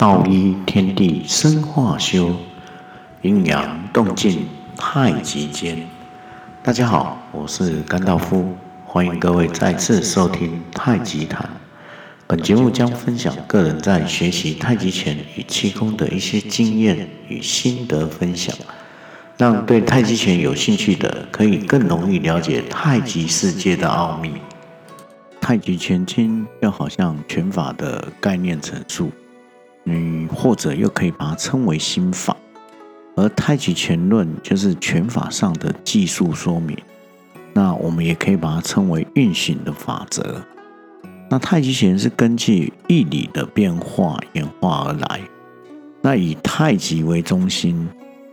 道一天地生化修，陰陽動靜太極間。大家好，我是甘道夫，歡迎各位再次收聽太極談。本節目將分享個人在學習太極拳與氣功的一些經驗與心得分享，讓對太極拳有興趣的可以更容易了解太極世界的奧秘。太極拳經就好像拳法的概念陳述。你、嗯、或者又可以把它稱為心法，而《太極拳論》就是拳法上的技術說明。那我們也可以把它稱為運行的法則。那太極拳是根據易理的變化演化而來。那以太極為中心，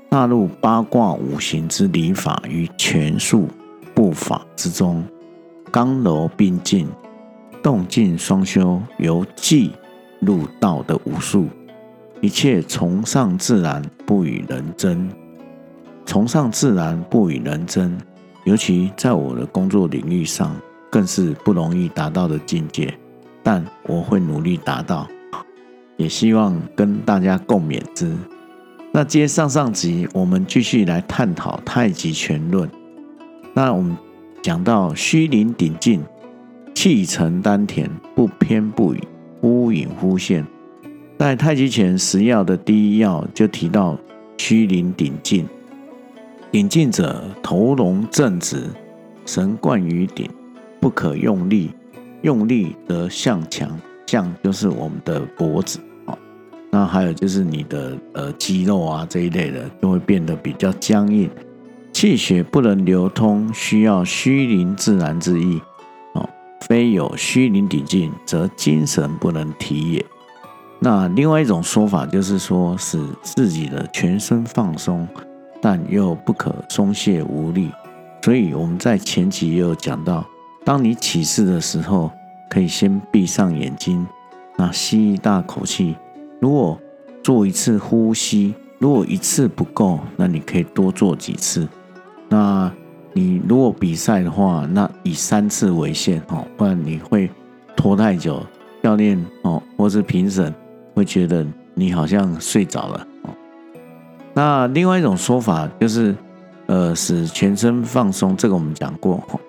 納入八卦五行之理法與拳術步法之中，剛柔並進，動靜雙修，由技。入道的武術，一切崇尚自然，不與人爭；崇尚自然，不與人爭。尤其在我的工作領域上，更是不容易達到的境界，但我會努力達到，也希望跟大家共勉之。那接上上集，我們繼續來探討太極拳論。那我們講到虛靈頂勁，氣沉丹田，不偏不倚。忽隱忽現，在太極拳十要的第一要就提到虛靈頂勁，頂勁者頭容正直，神貫於頂，不可用力，用力則項強，項就是我們的脖子，哦，那還有就是你的呃肌肉啊這一類的就會變得比較僵硬，氣血不能流通，需要虛靈自然之意。非有虛靈頂勁，則精神不能體也。那另外一種說法就是說，使自己的全身放鬆，但又不可鬆懈無力。所以我們在前期也有講到，當你起勢的時候，可以先閉上眼睛，那吸一大口氣。如果做一次呼吸，如果一次不夠，那你可以多做幾次。那。你如果比賽的話，那以三次為限哦，不然你會拖太久，教練哦，或是評審會覺得你好像睡着了哦。那另外一種說法就是，呃，使全身放鬆，這個我們講過哦。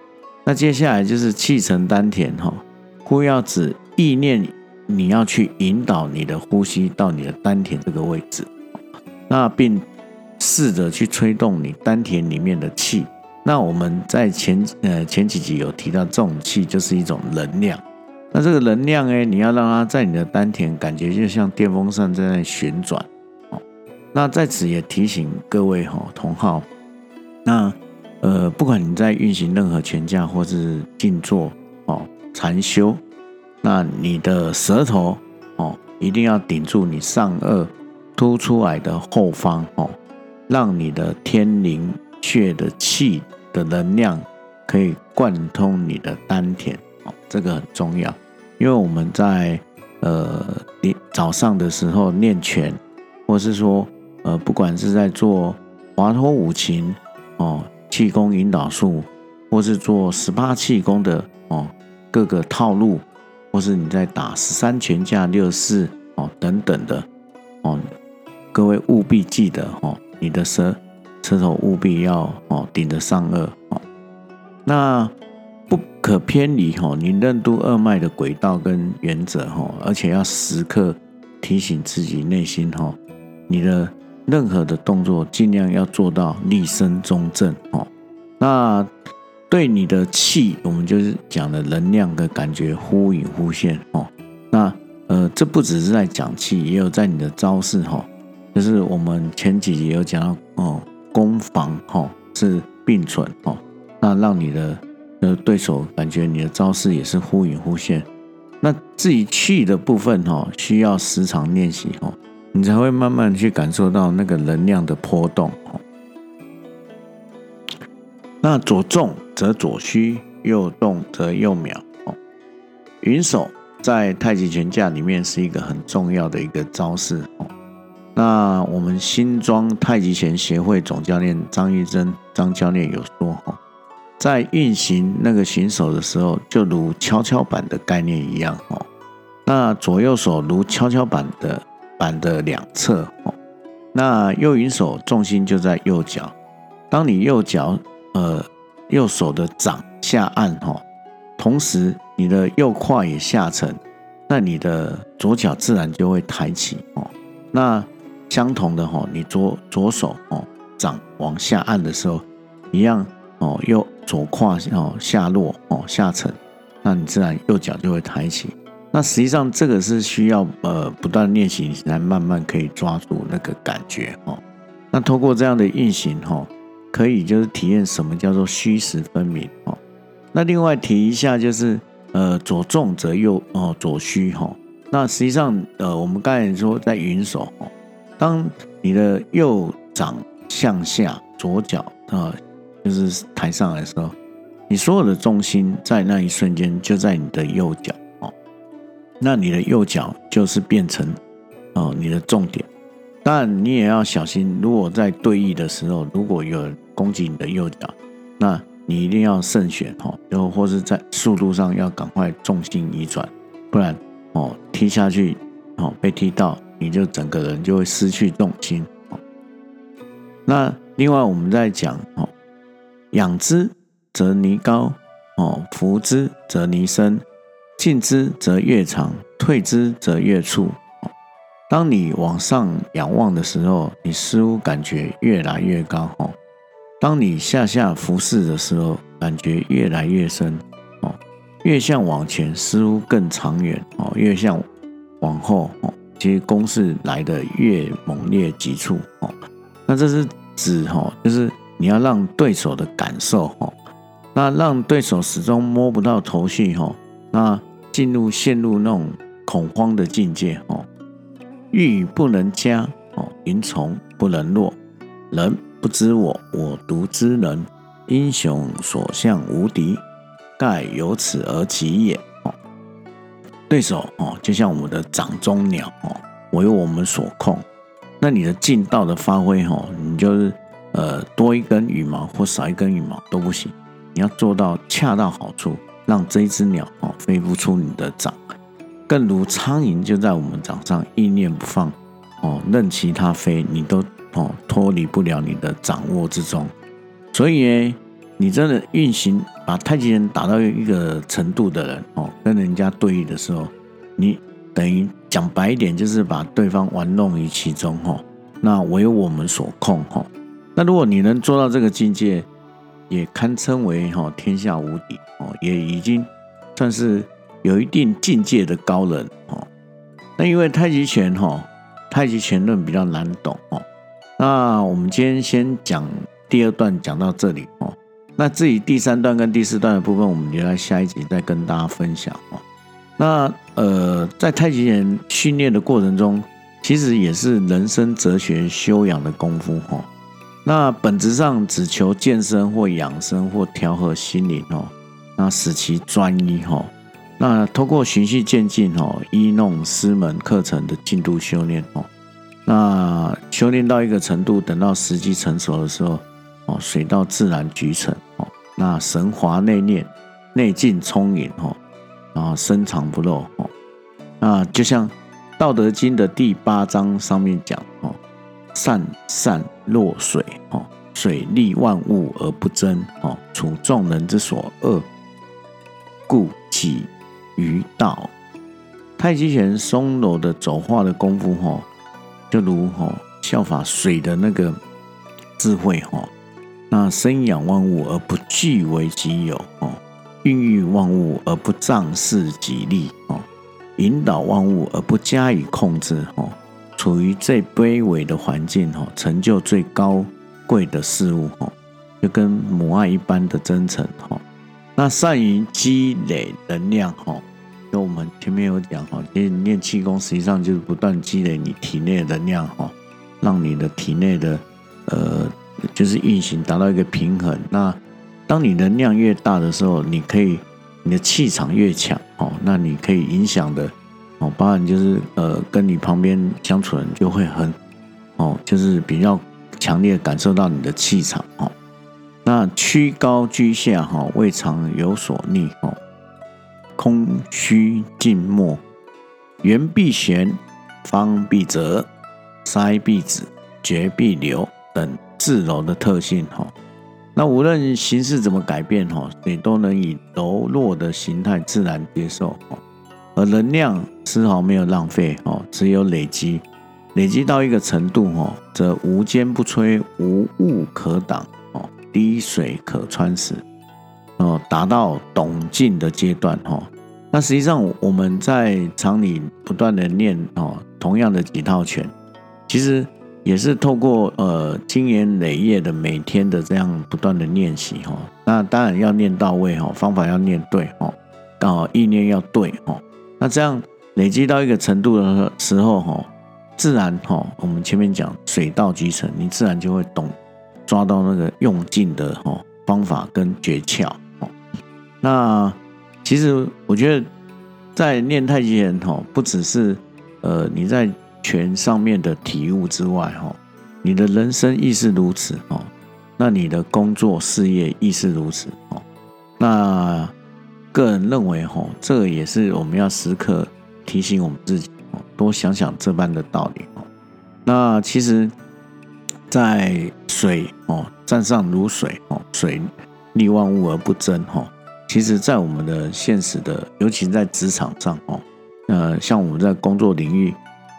那接下來就是氣沉丹田哈，呼要指意念，你要去引導你的呼吸到你的丹田這個位置，那並試着去吹動你丹田裡面的氣，那我們在前呃前幾集有提到重氣就是一種能量，那這個能量呢、欸，你要讓它在你的丹田，感覺就像電風扇在那旋轉。哦，那在此也提醒各位哈、哦、同好，那呃不管你在運行任何拳架或是靜坐哦禪修，那你的舌頭哦一定要頂住你上顎凸出來的後方哦，讓你的天靈穴的氣。的能量可以貫通你的丹田，哦，這個很重要，因為我們在呃你早上的時候練拳，或是說呃不管是在做華佗五禽哦氣功引導術，或是做十八氣功的哦各個套路，或是你在打十三拳架六式哦等等的哦，各位務必記得哦，你的舌。車手務必要哦，頂着上顎哦，那不可偏離哦，你任督二脈的軌道跟原則哦，而且要時刻提醒自己內心哦，你的任何的動作盡量要做到立身中正哦。那對你的氣，我們就是講的能量的感覺忽隱忽現哦。那呃，這不只是在講氣，也有在你的招式哈，就是我們前幾集有講到哦。嗯攻防、哦、是並存哦，那讓你的，的對手感覺你的招式也是忽隱忽現。那至於氣的部分、哦、需要時常練習哦，你才會慢慢去感受到那個能量的波動哦。那左重則左虛，右重則右秒哦。雲手在太極拳架裡面是一個很重要的一個招式哦。那我們新莊太極拳協會總教練張玉珍張教練有說哦，在運行那個行手的時候，就如蹺蹺板的概念一樣哦，那左右手如蹺蹺板的板的兩側哦，那右雲手重心就在右腳，當你右腳呃右手的掌下按哈，同時你的右胯也下沉，那你的左腳自然就會抬起哦。那相同的哈，你左左手哦掌往下按的時候，一樣哦右左胯哦下落哦下沉，那你自然右腳就會抬起。那實際上這個是需要呃不斷練習，你才慢慢可以抓住那個感覺哦。那通過這樣的運行哈，可以就是體驗什麼叫做虛實分明哦。那另外提一下就是呃左重則右哦左虛哈。那實際上呃我們剛才說在雲手，當你的右掌向下，左腳啊、呃，就是抬上來的時候，你所有的重心在那一瞬間就在你的右腳哦，那你的右腳就是變成哦你的重點。但你也要小心，如果在對弈的時候，如果有人攻擊你的右腳，那你一定要慎選哈，然、哦、後或是在速度上要趕快重心移轉，不然哦踢下去哦被踢到，你就整個人就會失去重心。那另外，我們在講哦，仰之則彌高，哦，俯之則彌深，進之則越長，退之則越促。當你往上仰望的時候，你似乎感覺越來越高；哦，當你下下俯視的時候，感覺越來越深。哦，越向往前似乎更長遠；哦，越向往後。其實攻勢來得越猛烈急促哦，那這是指哈，就是你要讓對手的感受哈，那讓對手始終摸不到頭緒哈，那進入陷入那種恐慌的境界哦。一羽不能加哦，蠅蟲不能落，人不知我，我獨知人。英雄所向無敵，蓋由此而起也。對手哦，就像我們的掌中鳥哦，為我們所控。那你的勁道的發揮，你就是呃多一根羽毛或少一根羽毛都不行。你要做到恰到好處，讓這隻鳥哦飛不出你的掌。更如蒼蠅就在我們掌上意念不放哦，任其他飛，你都哦脫離不了你的掌握之中。所以。你真的運行把太極拳打到一個程度的人哦，跟人家對弈的時候，你等於講白一點，就是把對方玩弄於其中哈，那為我們所控。那如果你能做到這個境界，也堪稱為哈天下無敵哦，也已經算是有一定境界的高人哦。那因為太極拳哈，太極拳論比較難懂哦。那我們今天先講第二段，講到這裡哦。那至於第三段跟第四段的部分，我們留到下一集再跟大家分享哦。那呃，在太極拳訓練的過程中，其實也是人生哲學修養的功夫哈。那本質上只求健身或養生或調和心靈哦。那使其專一。那透過循序漸進哦，依弄師門課程的進度修煉哦。那修煉到一個程度，等到時機成熟的時候。哦，水到自然渠成哦。那神華內斂，內勁充盈哦，然後深藏不露哦。那就像《道德經》的第八章上面講哦：“上善若水哦，水利萬物而不爭哦，處眾人之所惡，故幾於道。”太極拳鬆柔的走化的功夫哦，就如哦效法水的那個智慧哦。那生養萬物而不據為己有哦，孕育萬物而不仗恃己力哦，引導萬物而不加以控制哦，處於最卑微的環境哦，成就最高貴的事物哦，就跟母愛一般的真誠哦。那善於積累能量哦，就我們前面有講哦，練練氣功實際上就是不斷積累你體內的能量哦，讓你的體內的呃。就是運行達到一個平衡。那當你能量越大的時候，你可以你的氣場越強哦。那你可以影響的哦，包含就是呃，跟你旁邊相處人就會很哦，就是比較強烈感受到你的氣場哦。那屈高居下哈、哦，未嘗有所逆哦。空虛靜默，圓必旋，方必折，塞必止，絕必流等。自柔的特性哈，那無論形式怎麼改變哈，你都能以柔弱的形態自然接受，而能量絲毫沒有浪費哦，只有累積，累積到一個程度哦，則無堅不摧，無物可擋哦，滴水可穿石哦，達到懂勁的階段哈。那實際上我們在廠裡不斷的練哦，同樣的幾套拳，其實。也是透過呃，經年累月的每天的這樣不斷的練習哈，那當然要練到位哈，哦，方法要練對哈，哦，意念要對哈，哦，那這樣累積到一個程度的時候哈，哦，自然哈，哦，我們前面講水到渠成，你自然就會懂，抓到那個用勁的哈，哦，方法跟訣竅，哦，那其實我覺得在練太極拳哈，不只是呃你在。拳上面的體悟之外，哈，你的人生亦是如此哦。那你的工作事業亦是如此哦。那個人認為，這也是我們要時刻提醒我們自己哦，多想想這般的道理哦。那其實，在水哦，上善若水哦，水利萬物而不爭，其實，在我們的現實的，尤其在職場上哦，那像我們在工作領域。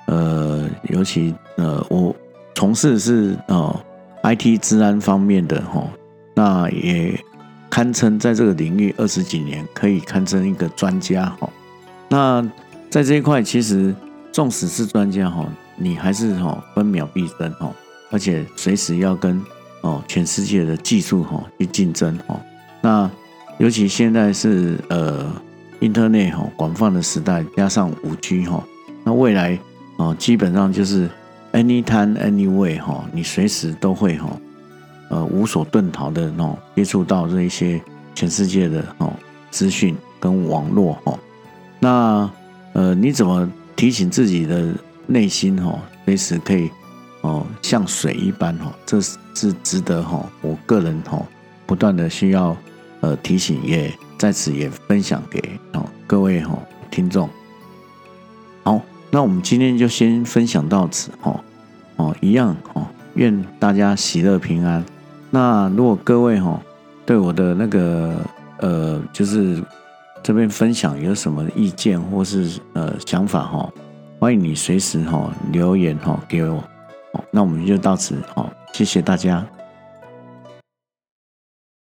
呃，尤其呃，我從事是哦、呃、IT 資安方面的哈、哦，那也堪稱在這個領域二十幾年，可以堪稱一個專家哈、哦。那在這一塊，其實縱使是專家哈、哦，你還是哈分秒必爭哈，而且隨時要跟哦全世界的技術哈、哦、去競爭哈、哦。那尤其現在是呃，Internet 哈廣泛的時代，加上五 G 哈、哦，那未來。哦，基本上就是 any time, any way 哈，你隨時都會哈，呃，無所遁逃的那種，接觸到這一些全世界的哦資訊跟網絡哦，那呃，你怎麼提醒自己的內心哈，隨時可以哦，像水一般哈，這是值得哈，我個人哈不斷的需要呃提醒，也在此也分享給哦各位哈聽眾。那我們今天就先分享到此哦，哦，一樣哦，願大家喜樂平安。那如果各位哈、哦、對我的那個呃，就是這邊分享有什麼意見或是呃想法哈、哦，歡迎你隨時哈、哦、留言哈、哦、給我、哦。那我們就到此好、哦，謝謝大家。